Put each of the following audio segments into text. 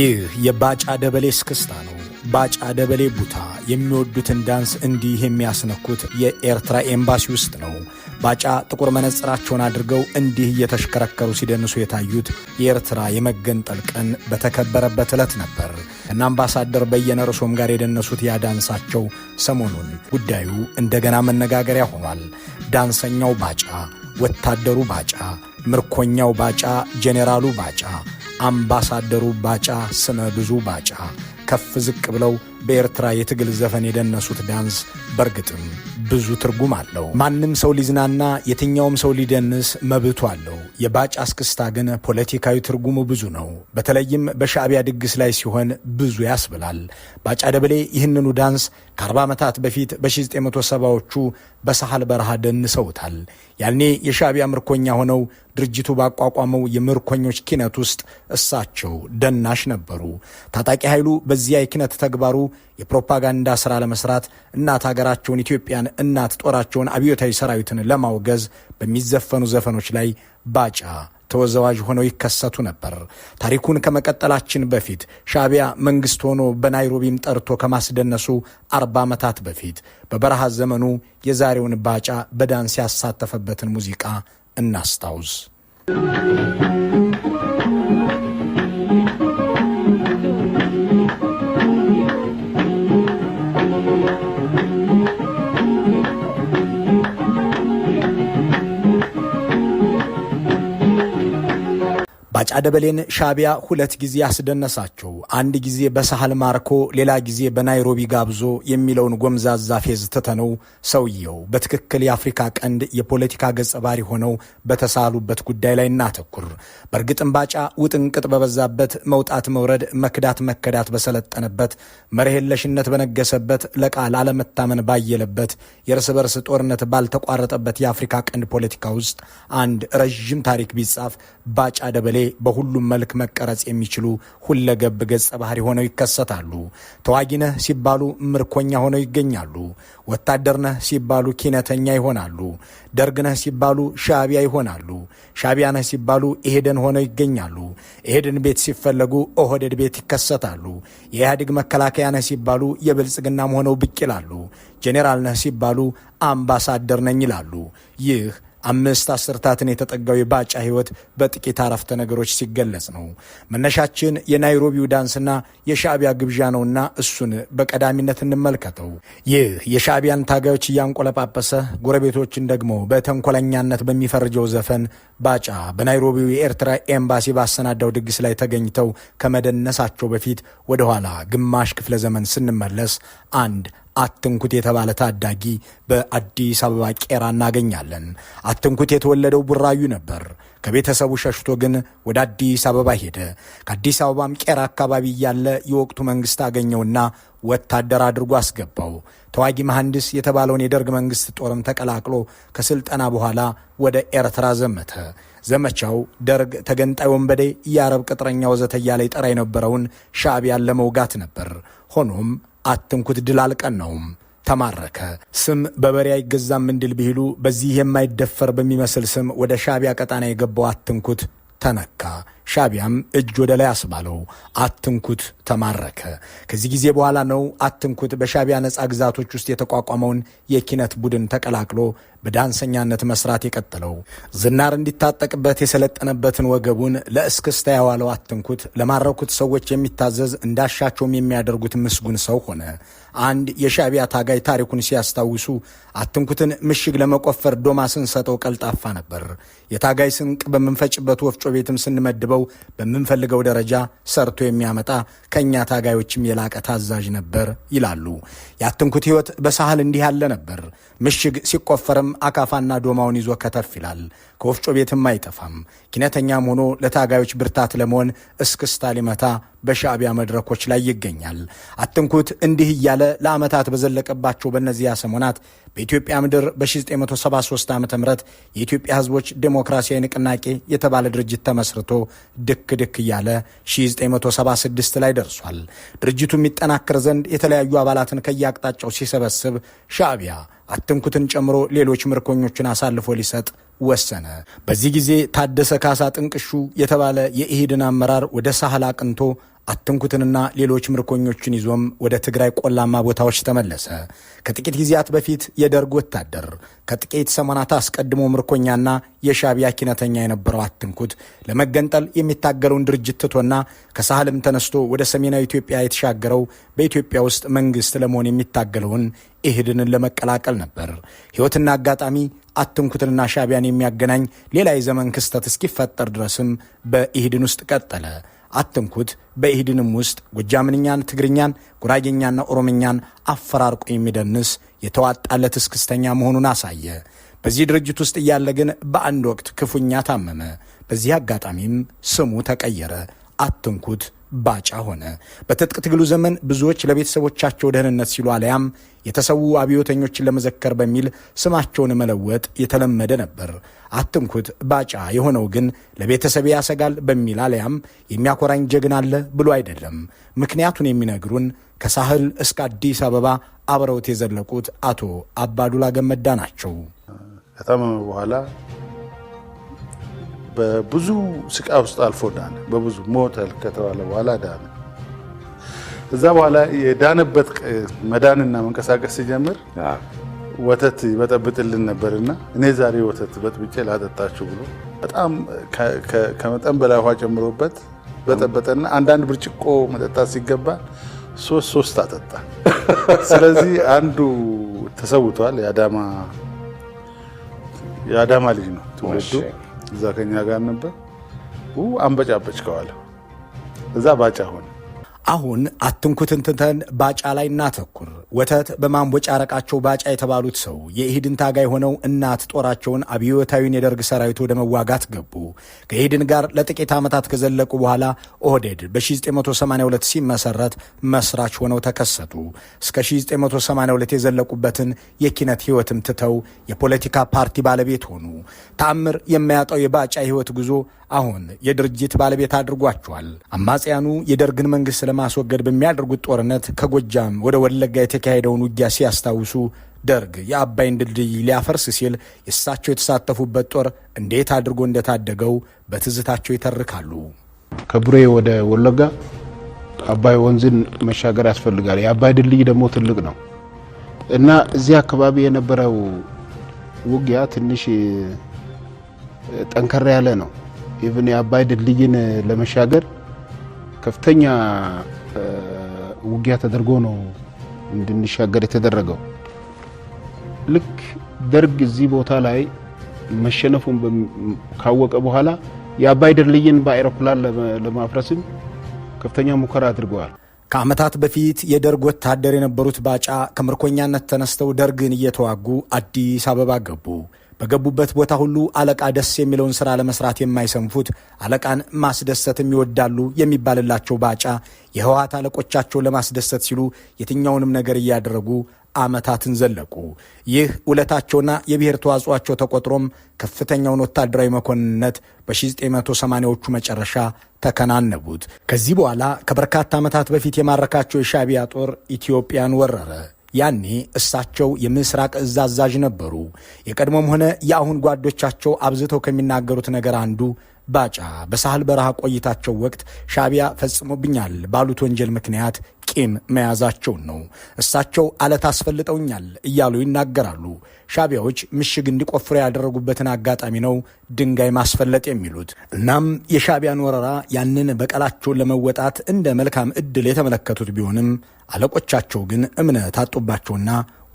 ይህ የባጫ ደበሌ እስክስታ ነው። ባጫ ደበሌ ቡታ የሚወዱትን ዳንስ እንዲህ የሚያስነኩት የኤርትራ ኤምባሲ ውስጥ ነው። ባጫ ጥቁር መነጽራቸውን አድርገው እንዲህ እየተሽከረከሩ ሲደንሱ የታዩት የኤርትራ የመገንጠል ቀን በተከበረበት ዕለት ነበር። እና አምባሳደር በየነ ርዕሶም ጋር የደነሱት ያ ዳንሳቸው ሰሞኑን ጉዳዩ እንደገና መነጋገሪያ ሆኗል። ዳንሰኛው ባጫ፣ ወታደሩ ባጫ፣ ምርኮኛው ባጫ፣ ጄኔራሉ ባጫ አምባሳደሩ ባጫ ስነ ብዙ ባጫ ከፍ ዝቅ ብለው በኤርትራ የትግል ዘፈን የደነሱት ዳንስ በርግጥም ብዙ ትርጉም አለው። ማንም ሰው ሊዝናና፣ የትኛውም ሰው ሊደንስ መብቱ አለው። የባጭ አስክስታ ግን ፖለቲካዊ ትርጉሙ ብዙ ነው። በተለይም በሻዕቢያ ድግስ ላይ ሲሆን ብዙ ያስብላል። ባጫ ደብሌ ይህንኑ ዳንስ ከ40 ዓመታት በፊት በ1970ዎቹ በሳሐል በረሃ ደንሰውታል። ያኔ የሻዕቢያ ምርኮኛ ሆነው ድርጅቱ ባቋቋመው የምርኮኞች ኪነት ውስጥ እሳቸው ደናሽ ነበሩ። ታጣቂ ኃይሉ በዚያ የኪነት ተግባሩ የፕሮፓጋንዳ ሥራ ለመስራት እናት ሀገራቸውን ኢትዮጵያን፣ እናት ጦራቸውን፣ አብዮታዊ ሰራዊትን ለማውገዝ በሚዘፈኑ ዘፈኖች ላይ ባጫ ተወዛዋዥ ሆነው ይከሰቱ ነበር። ታሪኩን ከመቀጠላችን በፊት ሻቢያ መንግስት ሆኖ በናይሮቢም ጠርቶ ከማስደነሱ አርባ ዓመታት በፊት በበረሃ ዘመኑ የዛሬውን ባጫ በዳንስ ያሳተፈበትን ሙዚቃ እናስታውስ። ባጫ ደበሌን ሻቢያ ሁለት ጊዜ ያስደነሳቸው፣ አንድ ጊዜ በሳህል ማርኮ፣ ሌላ ጊዜ በናይሮቢ ጋብዞ የሚለውን ጎምዛዛ ፌዝ ትተነው ሰውየው በትክክል የአፍሪካ ቀንድ የፖለቲካ ገጸ ባህሪ ሆነው በተሳሉበት ጉዳይ ላይ እናተኩር። በእርግጥም ባጫ ውጥንቅጥ በበዛበት መውጣት መውረድ፣ መክዳት መከዳት በሰለጠነበት መርህ የለሽነት በነገሰበት ለቃል አለመታመን ባየለበት የእርስ በርስ ጦርነት ባልተቋረጠበት የአፍሪካ ቀንድ ፖለቲካ ውስጥ አንድ ረዥም ታሪክ ቢጻፍ ባጫ ደበሌ በሁሉም መልክ መቀረጽ የሚችሉ ሁለገብ ገጸ ባህሪ ሆነው ይከሰታሉ። ተዋጊነህ ሲባሉ ምርኮኛ ሆነው ይገኛሉ። ወታደርነህ ሲባሉ ኪነተኛ ይሆናሉ። ደርግነህ ሲባሉ ሻቢያ ይሆናሉ። ሻቢያነህ ሲባሉ ኢሄደን ሆነው ይገኛሉ። ኢሄድን ቤት ሲፈለጉ ኦህዴድ ቤት ይከሰታሉ። የኢህአዴግ መከላከያ ነህ ሲባሉ የብልጽግናም ሆነው ብቅ ይላሉ። ጄኔራል ነህ ሲባሉ አምባሳደር ነኝ ይላሉ። ይህ አምስት አስርታትን የተጠጋው የባጫ ህይወት በጥቂት አረፍተ ነገሮች ሲገለጽ ነው። መነሻችን የናይሮቢው ዳንስና የሻዕቢያ ግብዣ ነውና እሱን በቀዳሚነት እንመልከተው። ይህ የሻዕቢያን ታጋዮች እያንቆለጳጰሰ ጎረቤቶችን ደግሞ በተንኮለኛነት በሚፈርጀው ዘፈን ባጫ በናይሮቢው የኤርትራ ኤምባሲ ባሰናዳው ድግስ ላይ ተገኝተው ከመደነሳቸው በፊት ወደኋላ ግማሽ ክፍለ ዘመን ስንመለስ አንድ አትንኩት የተባለ ታዳጊ በአዲስ አበባ ቄራ እናገኛለን። አትንኩት የተወለደው ቡራዩ ነበር። ከቤተሰቡ ሸሽቶ ግን ወደ አዲስ አበባ ሄደ። ከአዲስ አበባም ቄራ አካባቢ እያለ የወቅቱ መንግስት አገኘውና ወታደር አድርጎ አስገባው። ተዋጊ መሐንዲስ የተባለውን የደርግ መንግስት ጦርም ተቀላቅሎ ከስልጠና በኋላ ወደ ኤርትራ ዘመተ። ዘመቻው ደርግ ተገንጣይ ወንበዴ፣ የአረብ ቅጥረኛ ወዘተ እያለ ይጠራ የነበረውን ሻዕቢያን ለመውጋት ነበር። ሆኖም አትንኩት ድል አልቀን ነው ተማረከ። ስም በበሬ አይገዛም እንድል ቢሉ በዚህ የማይደፈር በሚመስል ስም ወደ ሻቢያ ቀጣና የገባው አትንኩት ተነካ። ሻቢያም እጅ ወደ ላይ አስባለው። አትንኩት ተማረከ። ከዚህ ጊዜ በኋላ ነው አትንኩት በሻቢያ ነፃ ግዛቶች ውስጥ የተቋቋመውን የኪነት ቡድን ተቀላቅሎ በዳንሰኛነት መስራት የቀጠለው። ዝናር እንዲታጠቅበት የሰለጠነበትን ወገቡን ለእስክስታ ያዋለው አትንኩት ለማረኩት ሰዎች የሚታዘዝ እንዳሻቸውም የሚያደርጉት ምስጉን ሰው ሆነ። አንድ የሻቢያ ታጋይ ታሪኩን ሲያስታውሱ አትንኩትን ምሽግ ለመቆፈር ዶማ ስንሰጠው ቀልጣፋ ነበር። የታጋይ ስንቅ በምንፈጭበት ወፍጮ ቤትም ስንመድበው ሰው በምንፈልገው ደረጃ ሰርቶ የሚያመጣ ከእኛ ታጋዮችም የላቀ ታዛዥ ነበር ይላሉ። የአትንኩት ሕይወት በሳህል እንዲህ ያለ ነበር። ምሽግ ሲቆፈርም አካፋና ዶማውን ይዞ ከተፍ ይላል። ከወፍጮ ቤትም አይጠፋም። ኪነተኛም ሆኖ ለታጋዮች ብርታት ለመሆን እስክስታ ሊመታ በሻዕቢያ መድረኮች ላይ ይገኛል። አትንኩት እንዲህ እያለ ለዓመታት በዘለቀባቸው በእነዚያ ሰሞናት በኢትዮጵያ ምድር በ1973 ዓ ም የኢትዮጵያ ሕዝቦች ዴሞክራሲያዊ ንቅናቄ የተባለ ድርጅት ተመስርቶ ድክ ድክ እያለ 1976 ላይ ደርሷል። ድርጅቱ የሚጠናከር ዘንድ የተለያዩ አባላትን ከየአቅጣጫው ሲሰበስብ ሻዕቢያ አትንኩትን ጨምሮ ሌሎች ምርኮኞችን አሳልፎ ሊሰጥ ወሰነ። በዚህ ጊዜ ታደሰ ካሳ ጥንቅሹ የተባለ የኢሂድን አመራር ወደ ሳህል አቅንቶ አትንኩትንና ሌሎች ምርኮኞችን ይዞም ወደ ትግራይ ቆላማ ቦታዎች ተመለሰ። ከጥቂት ጊዜያት በፊት የደርግ ወታደር ከጥቂት ሰሞናት አስቀድሞ ምርኮኛና የሻቢያ ኪነተኛ የነበረው አትንኩት ለመገንጠል የሚታገለውን ድርጅት ትቶና ከሳህልም ተነስቶ ወደ ሰሜናዊ ኢትዮጵያ የተሻገረው በኢትዮጵያ ውስጥ መንግስት ለመሆን የሚታገለውን ኢህድንን ለመቀላቀል ነበር። ሕይወትና አጋጣሚ አትንኩትንና ሻቢያን የሚያገናኝ ሌላ የዘመን ክስተት እስኪፈጠር ድረስም በኢህድን ውስጥ ቀጠለ። አትንኩት። በኢህድንም ውስጥ ጎጃምንኛን፣ ትግርኛን፣ ጉራጌኛና ኦሮምኛን አፈራርቆ የሚደንስ የተዋጣለት እስክስተኛ መሆኑን አሳየ። በዚህ ድርጅት ውስጥ እያለ ግን በአንድ ወቅት ክፉኛ ታመመ። በዚህ አጋጣሚም ስሙ ተቀየረ። አትንኩት ባጫ ሆነ። በትጥቅ ትግሉ ዘመን ብዙዎች ለቤተሰቦቻቸው ደህንነት ሲሉ አሊያም የተሰዉ አብዮተኞችን ለመዘከር በሚል ስማቸውን መለወጥ የተለመደ ነበር። አትንኩት ባጫ የሆነው ግን ለቤተሰብ ያሰጋል በሚል አሊያም የሚያኮራኝ ጀግና አለ ብሎ አይደለም። ምክንያቱን የሚነግሩን ከሳህል እስከ አዲስ አበባ አብረውት የዘለቁት አቶ አባዱላ ገመዳ ናቸው። ከተማ በኋላ በብዙ ስቃይ ውስጥ አልፎ ዳነ። በብዙ ሞተ ከተባለ በኋላ ዳነ። እዛ በኋላ የዳነበት መዳንና መንቀሳቀስ ሲጀምር ወተት ይበጠብጥልን ነበርና እኔ ዛሬ ወተት በጥብጬ ላጠጣችሁ ብሎ በጣም ከመጠን በላይ ውሃ ጨምሮበት በጠበጠና አንዳንድ ብርጭቆ መጠጣት ሲገባ ሶስት ሶስት አጠጣ። ስለዚህ አንዱ ተሰውቷል። የአዳማ ልጅ ነው ትውልዱ እዛ ከኛ ጋር ነበር። አንበጫበጭ ከኋላ እዛ ባጫ ሆነ። አሁን አትንኩትን ትተን ባጫ ላይ እናተኩር። ወተት በማንቦጫ ረቃቸው ባጫ የተባሉት ሰው የኢህድን ታጋይ ሆነው እናት ጦራቸውን አብዮታዊን የደርግ ሰራዊት ወደ መዋጋት ገቡ። ከኢህድን ጋር ለጥቂት ዓመታት ከዘለቁ በኋላ ኦህዴድ በ1982 ሲመሰረት መስራች ሆነው ተከሰቱ። እስከ 1982 የዘለቁበትን የኪነት ህይወትም ትተው የፖለቲካ ፓርቲ ባለቤት ሆኑ። ተአምር የማያጣው የባጫ ህይወት ጉዞ አሁን የድርጅት ባለቤት አድርጓቸዋል። አማጽያኑ የደርግን መንግሥት ለማስወገድ በሚያደርጉት ጦርነት ከጎጃም ወደ ወለጋ የተካሄደውን ውጊያ ሲያስታውሱ ደርግ የአባይን ድልድይ ሊያፈርስ ሲል እሳቸው የተሳተፉበት ጦር እንዴት አድርጎ እንደታደገው በትዝታቸው ይተርካሉ። ከቡሬ ወደ ወለጋ አባይ ወንዝን መሻገር ያስፈልጋል። የአባይ ድልድይ ደግሞ ትልቅ ነው እና እዚህ አካባቢ የነበረው ውጊያ ትንሽ ጠንከራ ያለ ነው። ኢቭን የአባይ ድልድይን ለመሻገር ከፍተኛ ውጊያ ተደርጎ ነው እንድንሻገር የተደረገው። ልክ ደርግ እዚህ ቦታ ላይ መሸነፉን ካወቀ በኋላ የአባይ ድልድይን በአይሮፕላን ለማፍረስም ከፍተኛ ሙከራ አድርገዋል። ከዓመታት በፊት የደርግ ወታደር የነበሩት ባጫ ከምርኮኛነት ተነስተው ደርግን እየተዋጉ አዲስ አበባ ገቡ። በገቡበት ቦታ ሁሉ አለቃ ደስ የሚለውን ስራ ለመስራት የማይሰንፉት አለቃን ማስደሰትም ይወዳሉ የሚባልላቸው ባጫ የህወሓት አለቆቻቸው ለማስደሰት ሲሉ የትኛውንም ነገር እያደረጉ ዓመታትን ዘለቁ። ይህ ውለታቸውና የብሔር ተዋጽኦአቸው ተቆጥሮም ከፍተኛውን ወታደራዊ መኮንነት በ1980ዎቹ መጨረሻ ተከናነቡት። ከዚህ በኋላ ከበርካታ ዓመታት በፊት የማረካቸው የሻቢያ ጦር ኢትዮጵያን ወረረ። ያኔ እሳቸው የምስራቅ እዝ አዛዥ ነበሩ። የቀድሞም ሆነ የአሁን ጓዶቻቸው አብዝተው ከሚናገሩት ነገር አንዱ ባጫ በሳህል በረሃ ቆይታቸው ወቅት ሻቢያ ፈጽሞብኛል ባሉት ወንጀል ምክንያት ቂም መያዛቸውን ነው። እሳቸው አለት አስፈልጠውኛል እያሉ ይናገራሉ። ሻቢያዎች ምሽግ እንዲቆፍሩ ያደረጉበትን አጋጣሚ ነው ድንጋይ ማስፈለጥ የሚሉት። እናም የሻቢያን ወረራ ያንን በቀላቸውን ለመወጣት እንደ መልካም እድል የተመለከቱት ቢሆንም አለቆቻቸው ግን እምነት አጡባቸውና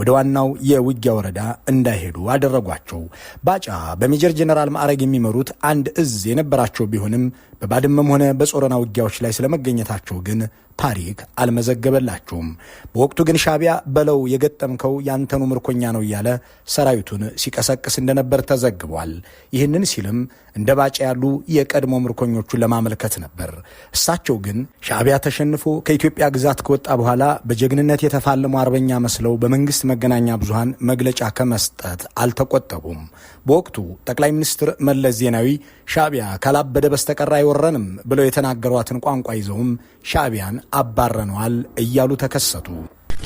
ወደ ዋናው የውጊያ ወረዳ እንዳይሄዱ አደረጓቸው። ባጫ በሜጀር ጀነራል ማዕረግ የሚመሩት አንድ እዝ የነበራቸው ቢሆንም በባድመም ሆነ በጾረና ውጊያዎች ላይ ስለመገኘታቸው ግን ታሪክ አልመዘገበላቸውም። በወቅቱ ግን ሻቢያ በለው የገጠምከው ያንተኑ ምርኮኛ ነው እያለ ሰራዊቱን ሲቀሰቅስ እንደነበር ተዘግቧል። ይህንን ሲልም እንደ ባጫ ያሉ የቀድሞ ምርኮኞቹን ለማመልከት ነበር። እሳቸው ግን ሻቢያ ተሸንፎ ከኢትዮጵያ ግዛት ከወጣ በኋላ በጀግንነት የተፋለሙ አርበኛ መስለው በመንግስት የመንግስት መገናኛ ብዙሃን መግለጫ ከመስጠት አልተቆጠቡም። በወቅቱ ጠቅላይ ሚኒስትር መለስ ዜናዊ ሻዕቢያ ካላበደ በስተቀር አይወረንም ብለው የተናገሯትን ቋንቋ ይዘውም ሻዕቢያን አባረነዋል እያሉ ተከሰቱ።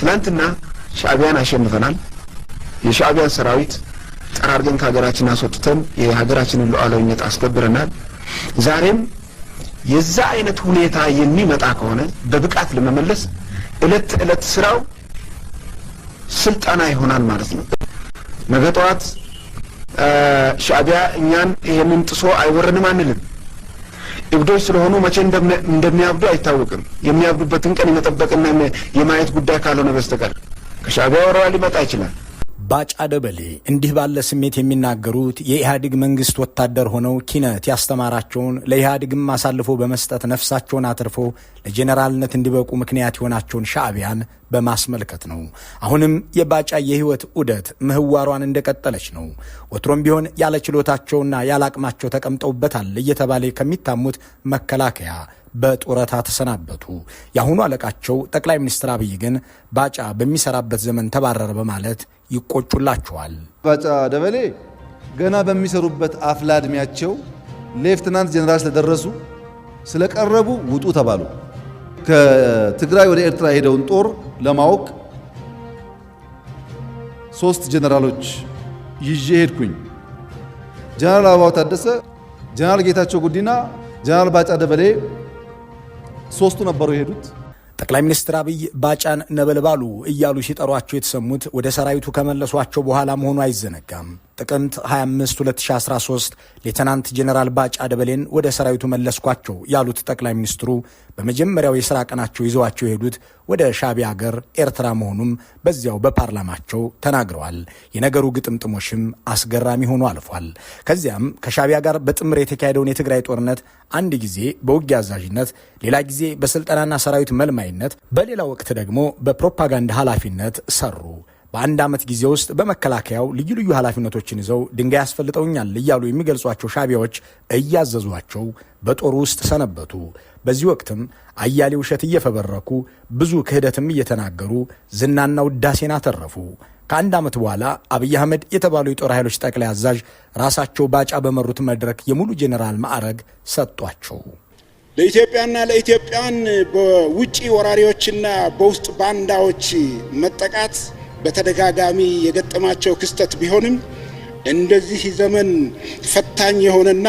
ትናንትና ሻዕቢያን አሸንፈናል፣ የሻዕቢያን ሰራዊት ጠራርገን ከሀገራችን አስወጥተን የሀገራችንን ሉዓላዊነት አስከብረናል። ዛሬም የዛ አይነት ሁኔታ የሚመጣ ከሆነ በብቃት ለመመለስ ዕለት ተዕለት ስራው ስልጠና ይሆናል ማለት ነው። ነገ ጠዋት ሻዕቢያ እኛን ይሄንን ጥሶ አይወረንም አንልም። እብዶች ስለሆኑ መቼ እንደሚያብዱ አይታወቅም። የሚያብዱበትን ቀን የመጠበቅና የማየት ጉዳይ ካልሆነ በስተቀር ከሻዕቢያ ወረራ ሊመጣ ይችላል። ባጫ ደበሌ እንዲህ ባለ ስሜት የሚናገሩት የኢህአዴግ መንግስት ወታደር ሆነው ኪነት ያስተማራቸውን ለኢህአዴግም አሳልፎ በመስጠት ነፍሳቸውን አትርፎ ለጄኔራልነት እንዲበቁ ምክንያት የሆናቸውን ሻዕቢያን በማስመልከት ነው። አሁንም የባጫ የህይወት ዑደት ምህዋሯን እንደቀጠለች ነው። ወትሮም ቢሆን ያለ ችሎታቸውና ያለ አቅማቸው ተቀምጠውበታል እየተባለ ከሚታሙት መከላከያ በጡረታ ተሰናበቱ። የአሁኑ አለቃቸው ጠቅላይ ሚኒስትር አብይ ግን ባጫ በሚሰራበት ዘመን ተባረረ በማለት ይቆጩላቸዋል። ባጫ ደበሌ ገና በሚሰሩበት አፍላ ዕድሜያቸው ሌፍትናንት ጀነራል ስለደረሱ ስለቀረቡ ውጡ ተባሉ። ከትግራይ ወደ ኤርትራ የሄደውን ጦር ለማወቅ ሶስት ጀነራሎች ይዤ ሄድኩኝ። ጀነራል አበባው ታደሰ፣ ጀነራል ጌታቸው ጉዲና፣ ጀነራል ባጫ ደበሌ ሶስቱ ነበሩ የሄዱት። ጠቅላይ ሚኒስትር አብይ ባጫን ነበልባሉ እያሉ ሲጠሯቸው የተሰሙት ወደ ሰራዊቱ ከመለሷቸው በኋላ መሆኑ አይዘነጋም። ጥቅምት 25 2013 ሌተናንት ጄኔራል ባጫ ደበሌን ወደ ሰራዊቱ መለስኳቸው ያሉት ጠቅላይ ሚኒስትሩ በመጀመሪያው የሥራ ቀናቸው ይዘዋቸው የሄዱት ወደ ሻቢያ አገር ኤርትራ መሆኑም በዚያው በፓርላማቸው ተናግረዋል። የነገሩ ግጥምጥሞሽም አስገራሚ ሆኖ አልፏል። ከዚያም ከሻቢያ ጋር በጥምር የተካሄደውን የትግራይ ጦርነት አንድ ጊዜ በውጊያ አዛዥነት፣ ሌላ ጊዜ በስልጠናና ሰራዊት መልማይነት፣ በሌላ ወቅት ደግሞ በፕሮፓጋንዳ ኃላፊነት ሰሩ። በአንድ ዓመት ጊዜ ውስጥ በመከላከያው ልዩ ልዩ ኃላፊነቶችን ይዘው ድንጋይ ያስፈልጠውኛል እያሉ የሚገልጿቸው ሻቢያዎች እያዘዟቸው በጦር ውስጥ ሰነበቱ። በዚህ ወቅትም አያሌ ውሸት እየፈበረኩ ብዙ ክህደትም እየተናገሩ ዝናና ውዳሴን አተረፉ። ከአንድ ዓመት በኋላ አብይ አህመድ የተባሉ የጦር ኃይሎች ጠቅላይ አዛዥ ራሳቸው ባጫ በመሩት መድረክ የሙሉ ጄኔራል ማዕረግ ሰጧቸው። ለኢትዮጵያና ለኢትዮጵያን በውጪ ወራሪዎችና በውስጥ ባንዳዎች መጠቃት በተደጋጋሚ የገጠማቸው ክስተት ቢሆንም እንደዚህ ዘመን ፈታኝ የሆነና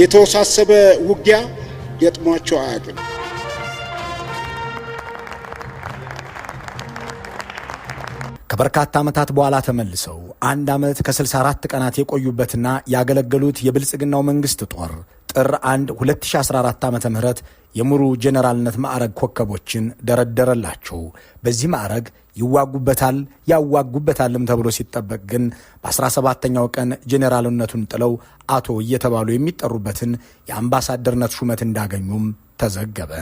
የተወሳሰበ ውጊያ ገጥሟቸው አያውቅም። ከበርካታ ዓመታት በኋላ ተመልሰው አንድ ዓመት ከ64 ቀናት የቆዩበትና ያገለገሉት የብልጽግናው መንግሥት ጦር ጥር 1 2014 ዓ ም የሙሩ ጄኔራልነት ማዕረግ ኮከቦችን ደረደረላቸው። በዚህ ማዕረግ ይዋጉበታል ያዋጉበታልም ተብሎ ሲጠበቅ ግን በ17ኛው ቀን ጄኔራልነቱን ጥለው አቶ እየተባሉ የሚጠሩበትን የአምባሳደርነት ሹመት እንዳገኙም ተዘገበ።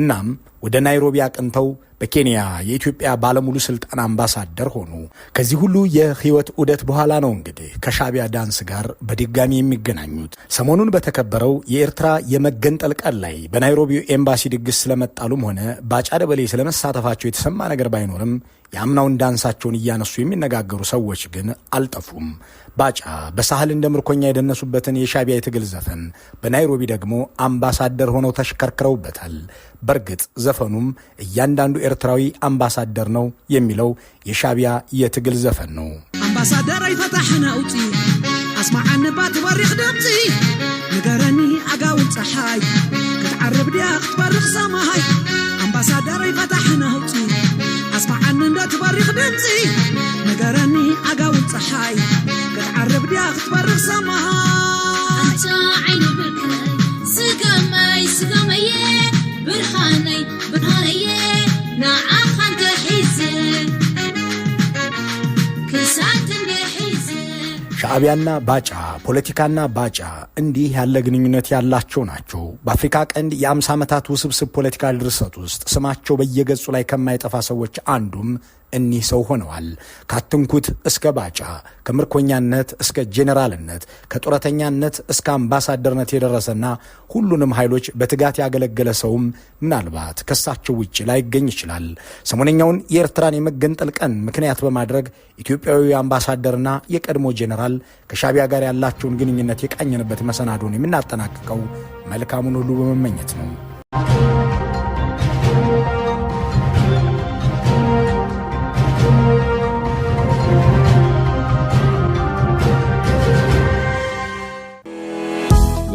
እናም ወደ ናይሮቢ አቅንተው በኬንያ የኢትዮጵያ ባለሙሉ ስልጣን አምባሳደር ሆኑ። ከዚህ ሁሉ የህይወት ዑደት በኋላ ነው እንግዲህ ከሻቢያ ዳንስ ጋር በድጋሚ የሚገናኙት። ሰሞኑን በተከበረው የኤርትራ የመገንጠል ቀን ላይ በናይሮቢ ኤምባሲ ድግስ ስለመጣሉም ሆነ ባጫ ደበሌ ስለመሳተፋቸው የተሰማ ነገር ባይኖርም የአምናውን ዳንሳቸውን እያነሱ የሚነጋገሩ ሰዎች ግን አልጠፉም። ባጫ በሳህል እንደ ምርኮኛ የደነሱበትን የሻቢያ የትግል ዘፈን በናይሮቢ ደግሞ አምባሳደር ሆነው ተሽከርክረውበታል። በእርግጥ ዘፈኑም እያንዳንዱ ኤርትራዊ አምባሳደር ነው የሚለው የሻቢያ የትግል ዘፈን ነው። አምባሳደር አይፈታሕና ውፅ ኣስማዓኒ ባትበሪኽ ደምፂ ንገረኒ ኣጋውን ፀሓይ ክትዓርብ ድያ ክትበርኽ ሰማይ ኣምባሳደር ኣይፈታሕና ውፅ ኣስማዓኒ ትበሪኽ ድምፂ ንገረኒ ኣጋውን ፀሓይ ክትዓርብ ድያ ክትበርኽ ሰማይ ዓይኖ ስገመይ ስገመየ ብርሃነይ ብርሃነየ ንዓኻ እንተሒዘ ክሳት ሻዕቢያና ባጫ ፖለቲካና ባጫ እንዲህ ያለ ግንኙነት ያላቸው ናቸው። በአፍሪካ ቀንድ የአምሳ ዓመታት ውስብስብ ፖለቲካ ድርሰት ውስጥ ስማቸው በየገጹ ላይ ከማይጠፋ ሰዎች አንዱም እኒህ ሰው ሆነዋል። ካትንኩት እስከ ባጫ፣ ከምርኮኛነት እስከ ጄኔራልነት፣ ከጡረተኛነት እስከ አምባሳደርነት የደረሰና ሁሉንም ኃይሎች በትጋት ያገለገለ ሰውም ምናልባት ከሳቸው ውጭ ላይገኝ ይችላል። ሰሞነኛውን የኤርትራን የመገንጠል ቀን ምክንያት በማድረግ ኢትዮጵያዊ አምባሳደርና የቀድሞ ጄኔራል ከሻቢያ ጋር ያላቸውን ግንኙነት የቃኘንበት መሰናዶን የምናጠናቅቀው መልካሙን ሁሉ በመመኘት ነው።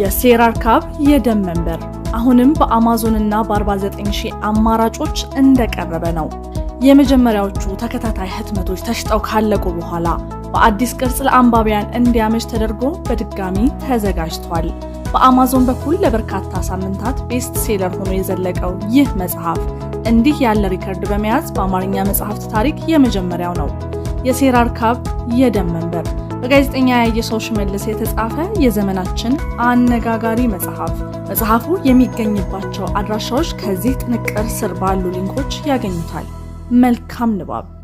የሴራር ካብ የደም መንበር አሁንም በአማዞንና በ49000 አማራጮች እንደቀረበ ነው። የመጀመሪያዎቹ ተከታታይ ህትመቶች ተሽጠው ካለቁ በኋላ በአዲስ ቅርጽ ለአንባቢያን እንዲያመች ተደርጎ በድጋሚ ተዘጋጅቷል። በአማዞን በኩል ለበርካታ ሳምንታት ቤስት ሴለር ሆኖ የዘለቀው ይህ መጽሐፍ እንዲህ ያለ ሪከርድ በመያዝ በአማርኛ መጽሐፍት ታሪክ የመጀመሪያው ነው። የሴራር ካብ የደም መንበር በጋዜጠኛ ያየሰው ሽመልስ የተጻፈ የዘመናችን አነጋጋሪ መጽሐፍ። መጽሐፉ የሚገኝባቸው አድራሻዎች ከዚህ ጥንቅር ስር ባሉ ሊንኮች ያገኙታል። መልካም ንባብ።